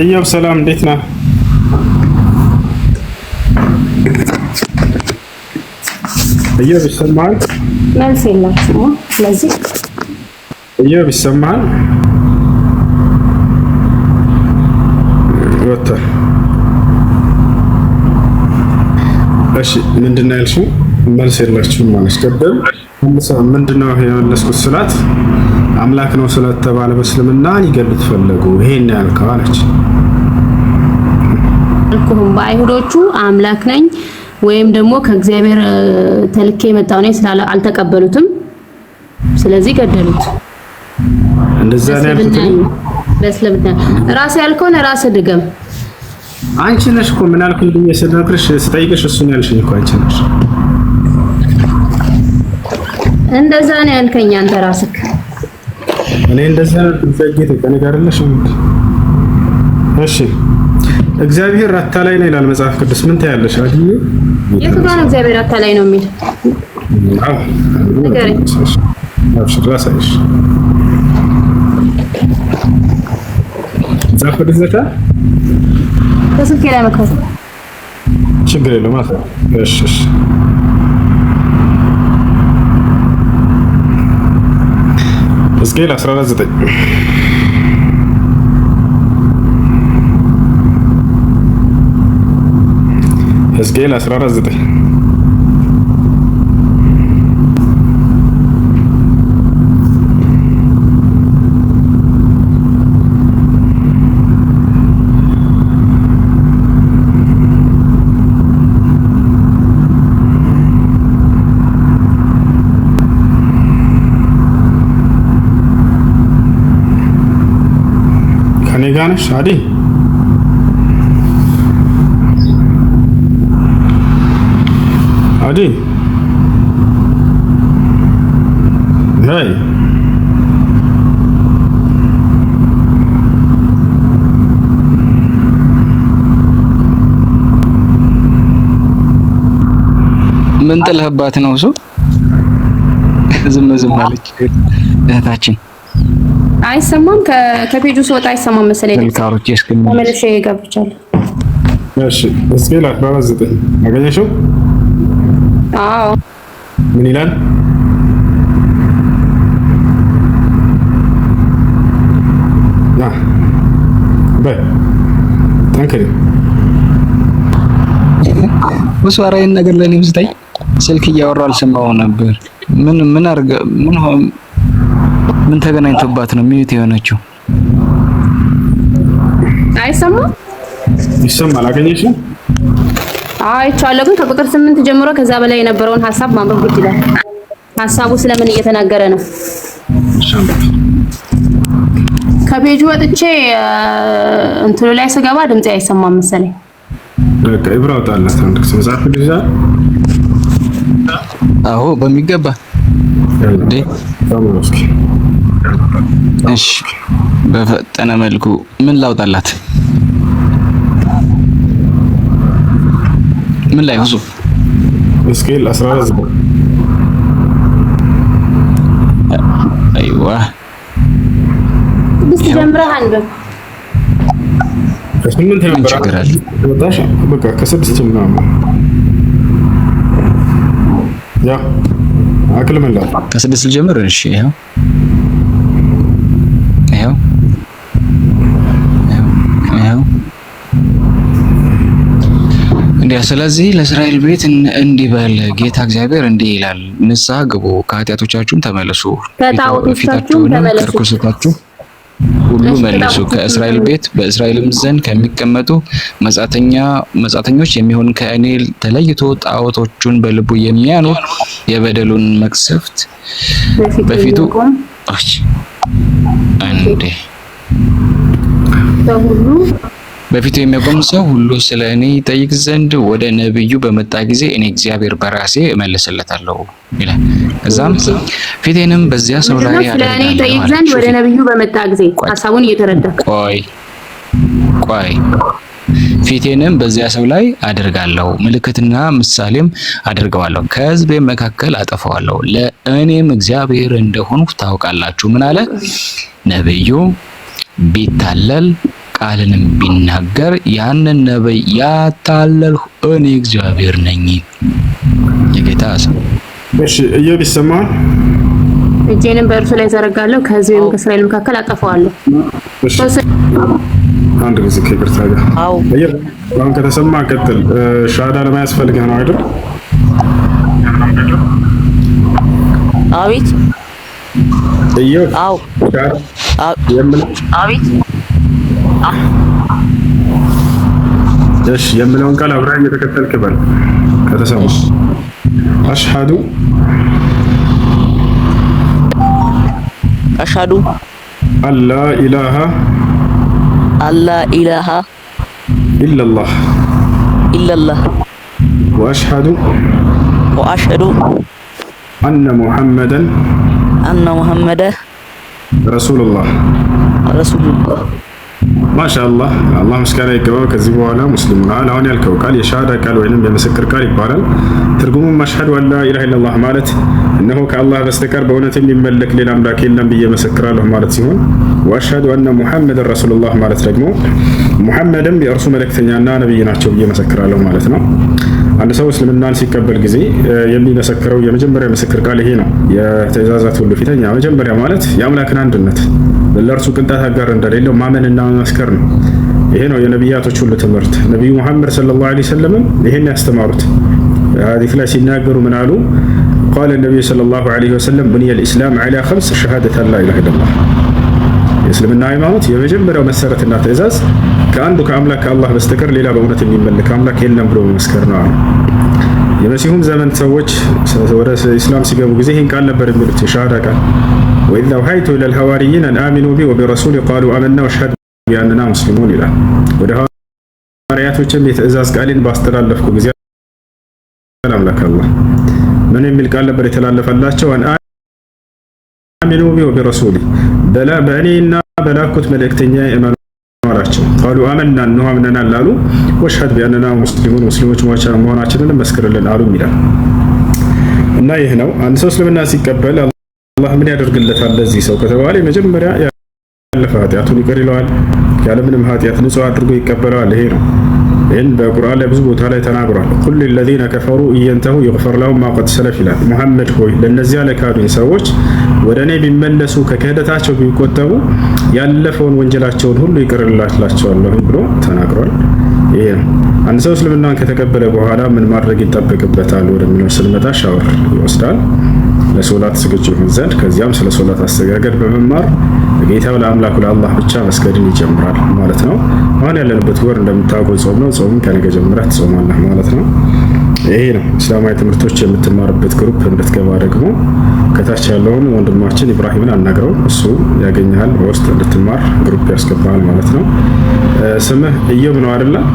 እዮብ ሰላም፣ እንዴት ነህ? እዮብ ይሰማሃል? መልስ የላችሁም። ስለዚህ እዮብ ይሰማሃል? ወጥተህ እሺ፣ ምንድን ነው ያልሽው? መልስ የላችሁም ማለት ቀደም ምንድን ነው የመለስኩት ስላት አምላክ ነው ስለተባለ በእስልምና ሊገሉት ፈለጉ። ይሄን ያልከው አለች አልኩህም በአይሁዶቹ አምላክ ነኝ ወይም ደግሞ ከእግዚአብሔር ተልኬ የመጣው ነኝ ስላለ አልተቀበሉትም። ስለዚህ ገደሉት። እንደዛ ነው ያልኩት። በእስልምና ራስ ያልከውን ራስ ድገም። አንቺ ነሽ እኮ ምን አልኩኝ ብዬ ስነግርሽ ስጠይቅሽ እሱን ያልሽኝ እኮ አንቺ ነሽ። እንደዛ ነው ያልከኝ አንተ ራስህ እኔ እንደዛ ዘጌት ከኔ እሺ እግዚአብሔር ላይ ነው ይላል መጽሐፍ ቅዱስ። ምን ታያለሽ? አዲ የቱ ጋር ነው እግዚአብሔር ላይ ነው የሚል? አዎ ራሳይሽ መጽሐፍ ቅዱስ ላይ ችግር የለውም። እሺ እሺ ሕዝቅኤል 14፥9 ሕዝቅኤል 14፥9 ጋር ነሽ አዴ? አዴ ሀይ ምን ጥለህባት ነው? እሱ ዝም ዝም አለች እህታችን። አይሰማም። ከፔጁ ስወጣ አይሰማም መሰለኝ። ልካሮች ተመልሼ ገብቻለሁ። እሺ እስኪ ላክ በዘጠኝ አገኘሽው? አዎ ምን ይላል? ና በይ ኧረ ይሄን ነገር ለእኔም ስታይ ስልክ እያወራ አልሰማሁም ነበር። ምን ምን አርገ ምን ምን ተገናኝቶባት ነው ሚዩት የሆነችው? አይሰማም? ይሰማል። አገኘሽው? አይቼዋለሁ፣ ግን ከቁጥር ስምንት ጀምሮ ከዛ በላይ የነበረውን ሀሳብ ማንበብ ግድ ይላል። ሀሳቡ ስለምን እየተናገረ ነው? ከፔጁ ወጥቼ እንትሉ ላይ ስገባ ድምጽ አይሰማም መሰለኝ። በቃ ይብራውጣለህ አንድ ታንክስ መጽሐፍ ልጅዛ አሁን በሚገባ እንዴ እሺ፣ በፈጠነ መልኩ ምን ላውጣላት? ምን ላይ ሁሱ ስኬል 14 ነው። አይዋ ቢስ ጀምረህ አንብብ። ከስምንት ነበር በቃ ከስድስት ምናምን ያ አክል ምን ላይ ከስድስት ልጀምር። እሺ ይሄው እንዲያ ስለዚህ ለእስራኤል ቤት እንዲህ በል ጌታ እግዚአብሔር እንዲህ ይላል፣ ንስሐ ግቡ፣ ከኃጢአቶቻችሁም ተመለሱ፣ ፊታችሁንም ከርኩሰታችሁ ሁሉ መልሱ፣ ከእስራኤል ቤት በእስራኤልም ዘንድ ከሚቀመጡ መጻተኛ መጻተኞች የሚሆን ከእኔ ተለይቶ ጣዖቶቹን በልቡ የሚያኖር የበደሉን መቅሰፍት በፊቱ እንዴ በፊቱ የሚያቆም ሰው ሁሉ ስለ እኔ ይጠይቅ ዘንድ ወደ ነቢዩ በመጣ ጊዜ እኔ እግዚአብሔር በራሴ እመልስለታለሁ ይላል። እዛም ፊቴንም በዚያ ሰው ላይ ያደርጋለሁ ይጠይቅ ዘንድ ወደ ነቢዩ በመጣ ጊዜ እየተረዳ ቆይ ቆይ ፊቴንም በዚያ ሰው ላይ አድርጋለሁ፣ ምልክትና ምሳሌም አድርገዋለሁ፣ ከህዝቤ መካከል አጠፋዋለሁ፣ ለእኔም እግዚአብሔር እንደሆኑ ታውቃላችሁ። ምን አለ ነቢዩ ቢታለል ቃልንም ቢናገር ያንን ነቢይ ያታለልሁ እኔ እግዚአብሔር ነኝ። የጌታ ሰው እሺ፣ እዮብ ይሰማል። እጄንም በእርሱ ላይ ዘረጋለሁ፣ ከህዝብም ከእስራኤል መካከል አጠፋዋለሁ። አንድ ጊዜ ከይቅርታ ጋር አሁን ከተሰማ ቀጥል። ሻዳ ለማያስፈልግ ነው አይደል? አቤት። እዮብ አዎ፣ አቤት እሺ የምለውን ቃል አብረህ እየተከተልክ በል። ከተሰማ አሽሃዱ አሽሃዱ አላ ኢላሃ አላ ኢላሃ ኢላላህ ኢላላህ ወአሽሃዱ ወአሽሃዱ አነ ሙሐመደን አነ ሙሐመደ ረሱሉላህ ረሱሉላህ ማሻአላህ አላህ ምስጋና ይገባው። ከዚህ በኋላ ሙስሊሙን አል አሁን ያልከው ቃል የሻሃዳ ቃል ወይንም የምስክር ቃል ይባላል። ትርጉሙም አሽሀዱ አላ ኢላሀ ኢለላህ ማለት እነሆ ከአላህ በስተቀር በእውነት የሚመለክ ሌላ አምላክ የለም ብዬ መሰክራለሁ ማለት ሲሆን ወአሽሀዱ አነ ሙሐመድን ረሱሉላህ ማለት ደግሞ ሙሐመድም የእርሱ መልእክተኛና ነብይ ናቸው ብዬ መሰክራለሁ ማለት ነው። አንድ ሰው እስልምናን ሲቀበል ጊዜ የሚመሰክረው የመጀመሪያ ምስክር ቃል ይሄ ነው። የትእዛዛት ሁሉ ፊተኛ መጀመሪያ ማለት የአምላክን አንድነት ለእርሱ ቅንጣት አጋር እንደሌለው ማመንና መመስከር ነው። ይሄ ነው የነቢያቶች ሁሉ ትምህርት። ነቢዩ ሙሐመድ ሰለላሁ ዐለይሂ ወሰለም ይሄን ያስተማሩት ሐዲስ ላይ ሲናገሩ ምን አሉ? ቃለ ነቢዩ ሰለላሁ ዐለይሂ ወሰለም ቡኒየል ኢስላም ዐላ ኸምስ ሸሃደተን ላ ኢላሃ ኢለላህ የእስልምና ሃይማኖት የመጀመሪያው መሰረትና ትእዛዝ ከአንዱ ከአምላክ ከአላህ በስተቀር ሌላ በእውነት የሚመለክ አምላክ የለም ብሎ መመስከር ነው አሉ። የመሲሁም ዘመን ሰዎች ወደ ኢስላም ሲገቡ ጊዜ ይህን ቃል ነበር የሚሉት የሻሃዳ ቃል ወኢዝ አውሐይቱ ኢለል ሐዋርይን አን አሚኑ ቢ ወቢረሱሊ ቃሉ አመና ወሽሀድ ቢአንና ሙስሊሙን ይላል። ወደ ሐዋርያቶችም የትእዛዝ ቃሌን ባስተላለፍኩ ጊዜ አምላክ አላህ ምን የሚል ቃል ነበር የተላለፈላቸው? አን አሚኑ ቢ ወቢረሱሊ በእኔና በላኩት መልእክተኛ የእመኑ አላቸው። ቃሉ አመና እንሆ አምነናል አሉ። ወሽሀድ ቢአንና ሙስሊሙን ሙስሊሞች መሆናችንን መስክርልን አሉ ይላል እና ይህ ነው አንድ ሰው እስልምና ሲቀበል አላህ ምን ያደርግለታል ለዚህ ሰው ከተባለ የመጀመሪያ ያለፈ ኃጢአቱን ይቅር ይለዋል። ያለምንም ኃጢአት ንጹህ አድርጎ ይቀበለዋል። ይሄ ነው ይህን በቁርአን ላይ ብዙ ቦታ ላይ ተናግሯል። ሁሉ ለዚነ ከፈሩ እየንተሁ ይغፈር ለሁም ማ ሰለፍ ይላል። ሙሐመድ ሆይ ለእነዚያ ለካዱ ሰዎች ወደ እኔ ቢመለሱ ከክህደታቸው ቢቆጠቡ ያለፈውን ወንጀላቸውን ሁሉ ይቅርላላቸዋለሁ ብሎ ተናግሯል። ይሄ ነው አንድ ሰው እስልምናን ከተቀበለ በኋላ ምን ማድረግ ይጠበቅበታል ወደሚለው ስንመጣ ሻወር ይወስዳል ለሶላት ዝግጁ ይሆን ዘንድ ከዚያም ስለ ሶላት አስተጋገድ በመማር ጌታው ለአምላኩ ለአላህ ብቻ መስገድን ይጀምራል ማለት ነው። አሁን ያለንበት ወር እንደምታውቁ ጾም ነው። ጾምን ከነገ ጀምረህ ትጾማለህ ማለት ነው። ይሄ ነው እስላማዊ ትምህርቶች የምትማርበት ግሩፕ። እንድትገባ ደግሞ ከታች ያለውን ወንድማችን ኢብራሂምን አናግረው፣ እሱ ያገኘሃል። በውስጥ እንድትማር ግሩፕ ያስገባሃል ማለት ነው። ስምህ እየብ ነው አይደለም?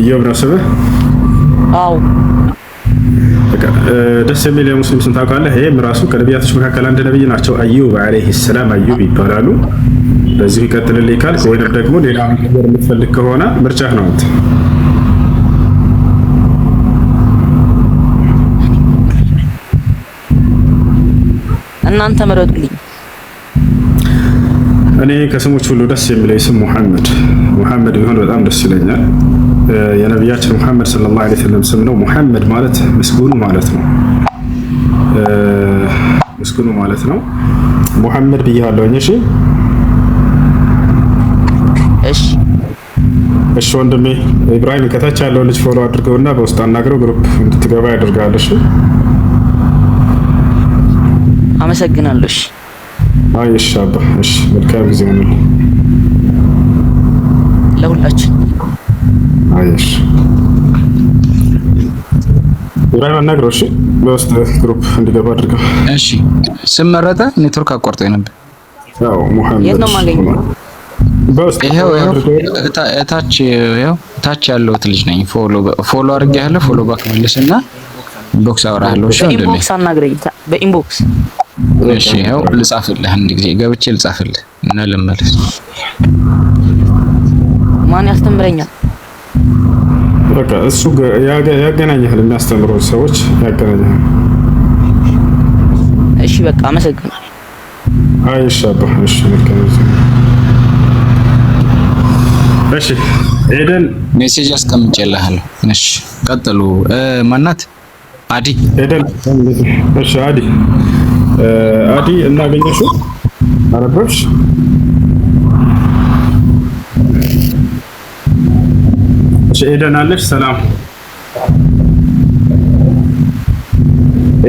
እዮብ ነው ስምህ? አዎ። ደስ የሚል የሙስሊም ስም ታውቃለህ? ይሄ ራሱ ከነቢያቶች መካከል አንድ ነቢይ ናቸው። አዩብ አለይህ ሰላም አዩብ ይባላሉ። በዚሁ ይቀጥልልኝ ካልክ ወይም ደግሞ ሌላ ነገር የምትፈልግ ከሆነ ምርጫህ ነው። አንተ እናንተ መረጡልኝ። እኔ ከስሞች ሁሉ ደስ የሚል ስም ሙሐመድ ሙሐመድ ቢሆን በጣም ደስ ይለኛል። የነቢያችን ሙሐመድ ሰለላሁ ዐለይሂ ወሰለም ስም ነው። ሙሐመድ ማለት ምስጉኑ ማለት ነው። ምስጉኑ ማለት ነው። ሙሐመድ ብያለሁኝ። እሺ፣ እሺ፣ እሺ። ወንድሜ ኢብራሂም ከታች ያለው ልጅ ፎሎ አድርገውና በውስጥ አናግረው ግሩፕ እንድትገባ ያደርጋል። እሺ፣ አመሰግናለሁ። እሺ፣ አይ፣ እሺ፣ አባ፣ እሺ። መልካም ጊዜ ሆነልኝ ለሁላችን። አየሽ ኢብራሂም አናግረው። እሺ በውስጥ ግሩፕ እንዲገባ አድርገው። እሺ ስም ኔትወርክ አቋርጦ ነበር። ያው ሙሐመድ እታች እታች ያለሁት ልጅ ነኝ። ፎሎ ፎሎ ፎሎ ባክ ኢንቦክስ እሺ አናግረኝ። በኢንቦክስ እሺ ልጻፍልህ። አንድ ጊዜ ገብቼ ልጻፍልህ እና ማን ያስተምረኛል? በቃ እሱ ያገናኛል፣ የሚያስተምሩ ሰዎች ያገናኛል። እሺ በቃ አመሰግናለሁ። አይ እሺ አባ እሺ እሺ ኤደን ሜሴጅ አስቀምጬልሃለሁ። እሺ ቀጥሉ። ማናት አዲ ኤደን። እሺ አዲ አዲ እናገኘሽው አረበሽ ኤደናለሽ ሰላም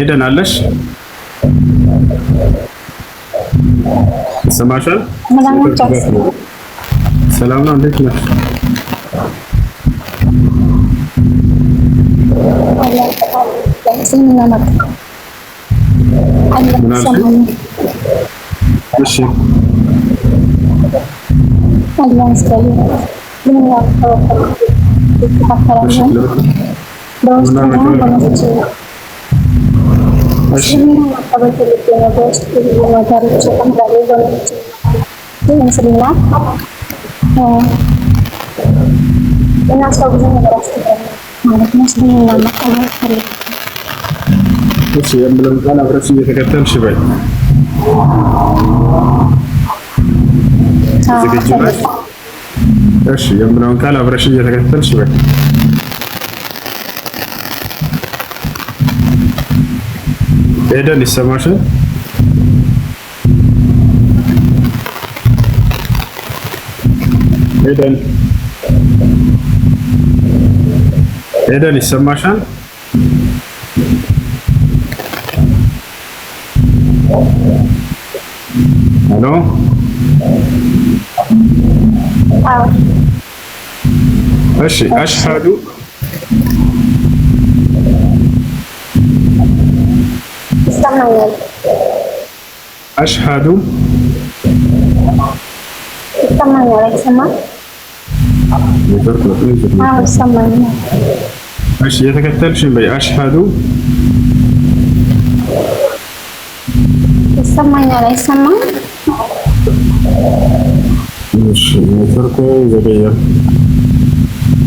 ኤደናለሽ ሰማሻል ሰላም ነው እንዴት ነሽ እሺ አላህ የምለም ቃል አብረሽ እየተከተልሽ በይ ዝግጁ እሺ የምለውን ቃል አብረሽ እየተከተልሽ በል። ኤደን ይሰማሻል? ኤደን ኤደን ይሰማሻል? ሄሎ ماشي أشهد استنى أشهد استنى يا سما اه استنى أشهد استنى يا سما ماشي يتركوا زبير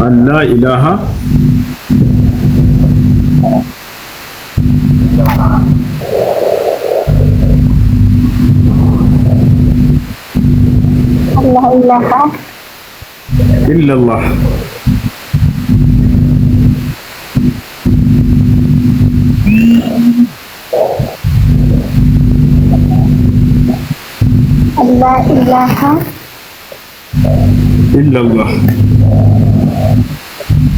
أن لا إله الله إلا الله لا إله إلا الله إلا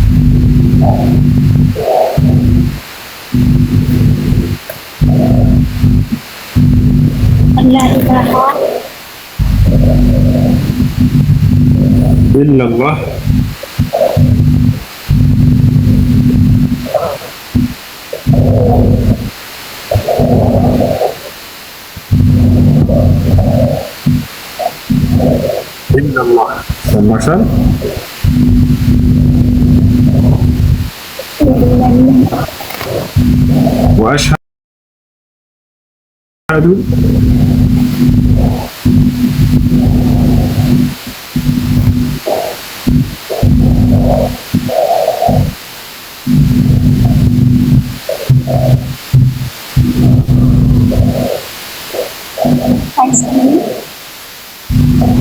الله إلا الله. Sen baksan. واشهد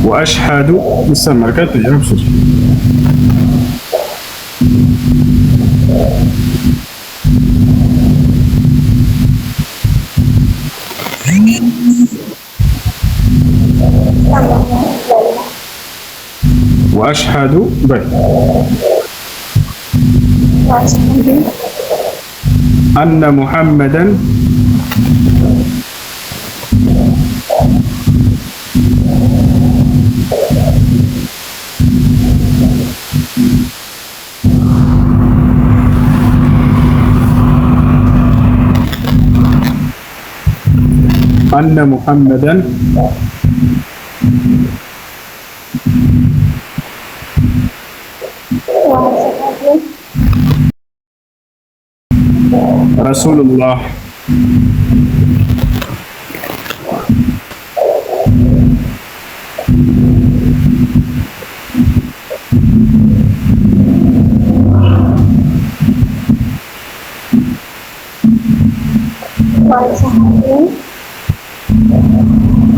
واشهد لسه ما كانت تجربه وأشهد بل أن محمدا أن محمدا رسول الله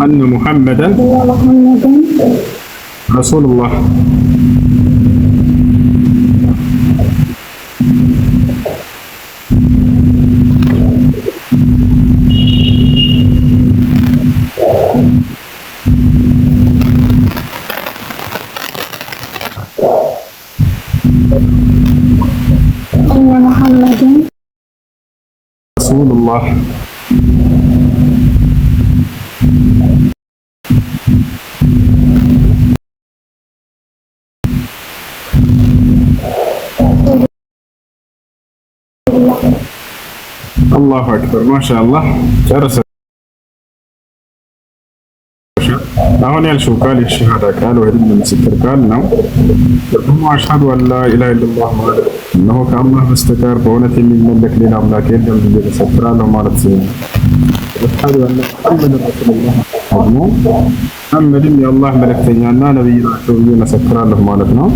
أن محمدا رسول الله Thank you. رسول الله አላሁ አክበር ማሻአላህ። ጨረሰ። አሁን ያልሽው ቃል የሸሃዳ ቃል ወይም የምስክር ቃል ነው። ደግሞ አሽሀዱ አላ ኢላሀ ኢለላህ ማለት እነሆ ከአላህ በስተቀር በእውነት የሚመለክ ሌላ አምላክ የለም ብዬ መሰክራለሁ ማለት ነው። አሽሀዱ አላ ሙሐመድ ረሱሉላህ ደግሞ ሙሐመድም የአላህ መልእክተኛና ነብይ ናቸው ብዬ መሰክራለሁ ማለት ነው።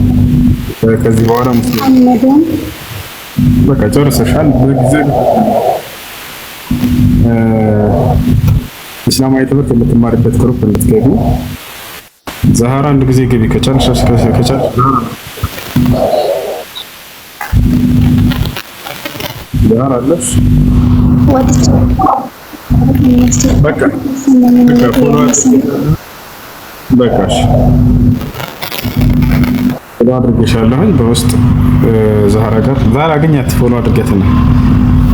ከዚህ በኋላ ሙስሊም በቃ ጨርሰሻል በጊዜ እስላማዊ ትምህርት የምትማርበት ግሩፕ እንድትገቢ ዛህራ አንድ ጊዜ ገቢ ከቻልሽ ከቻልሽ ዛህራ አለሽ በቃ በቃሽ ፎሎ አድርጌሻለሁኝ በውስጥ ዛህራ ጋር ዛህራ አገኛት ፎሎ አድርጌት ነው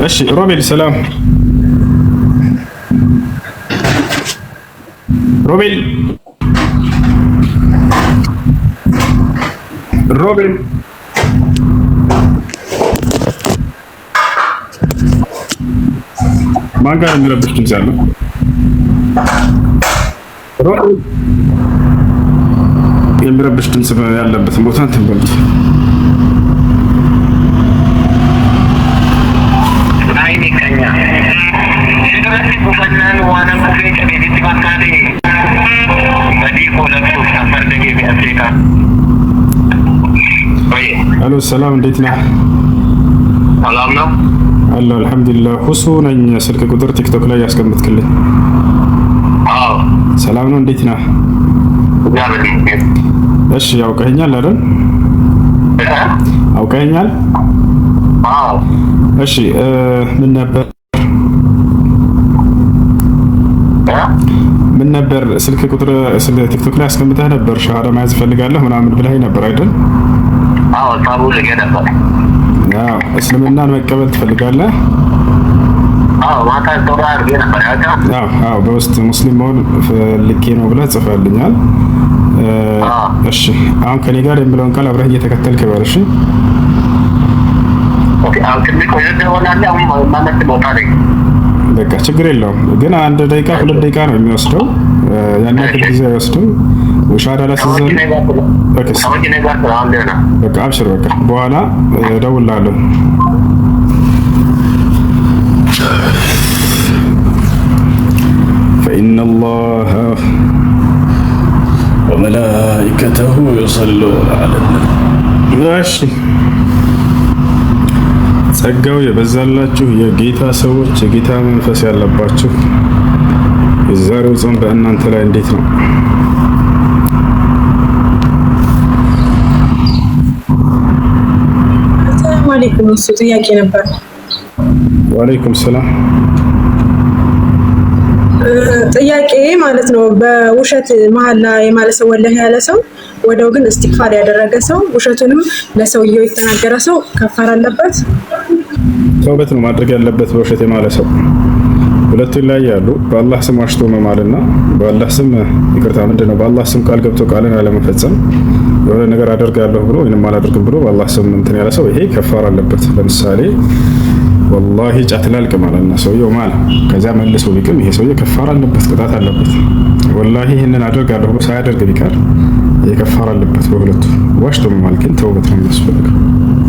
እሺ ሮቤል ሰላም ሮቤል ሮቤል ማን ጋር የሚረብሽ ድምፅ ያለው? የሚረብሽ ድምፅ ያለበትን ቦታ እንትን በሉት። ሰላም እንዴት ነህ? ሰላም ነው አለ አልሐምዱሊላህ። ሁሱ ነኝ። ስልክ ቁጥር ቲክቶክ ላይ ያስቀምጥክልኝ። ሰላም ነው። እንዴት ነህ? እሺ አውቀኸኛል አይደል? አውቀኸኛል? እሺ። ምን ነበር ምን ነበር ስልክ ቁጥር ቲክቶክ ላይ አስቀምጠህ ነበር ሻሃዳ መያዝ እፈልጋለሁ ምናምን ብለኸኝ ነበር አይደል? አዎ ጸቡ ነበር። እስልምናን መቀበል ትፈልጋለህ? አዎ በውስጥ ሙስሊም መሆን ፈልጌ ነው ብለህ ጽፈህልኛል። እሺ አሁን ከኔ ጋር የምለውን ቃል አብረህ እየተከተልክ በል። እሺ በቃ ችግር የለውም ግን አንድ ደቂቃ ሁለት ደቂቃ ነው የሚወስደው፣ ያን ያክል ጊዜ አይወስድም። ሻዳ ላስዘን በቃ አብሽር፣ በቃ በኋላ እደውልልሃለሁ። ፈኢነ ላህ ወመላኢከተሁ ዩሰሉነ ዐለነ። እሺ ጸጋው የበዛላችሁ የጌታ ሰዎች፣ የጌታ መንፈስ ያለባችሁ የዛሬው ጾም በእናንተ ላይ እንዴት ነው? አለይኩም እሱ ጥያቄ ነበር። ወአለይኩም ሰላም። ጥያቄ ማለት ነው በውሸት መሀላ የማለ ሰው ወላሂ ያለ ሰው ወደው ግን እስቲክፋር ያደረገ ሰው ውሸቱንም ለሰውየው የተናገረ ሰው ከፋር አለበት? ተውበት ነው ማድረግ ያለበት በውሸት የማለ ሰው ሁለቱ ይለያያሉ። በአላህ ስም ዋሽቶ መማልና በአላህ ስም ይቅርታ ምንድን ነው በአላህ ስም ቃል ገብቶ ቃልን አለመፈጸም የሆነ ነገር አደርጋለሁ ብሎ ወይም አላደርግም ብሎ በአላህ ስም እንትን ያለ ሰው ይሄ ከፋር አለበት። ለምሳሌ ወላሂ ጫት ላልቅ ማለት እና ሰውየው ማለ ከዚያ መልሶ ቢቅም ይሄ ሰውዬ ከፋር አለበት፣ ቅጣት አለበት። ወላሂ ይህንን አደርጋለሁ ብሎ ሳያደርግ ቢቀር ይሄ ከፋር አለበት። በሁለቱ ዋሽቶ ማልክን ተውበት ነው የሚያስፈልገው።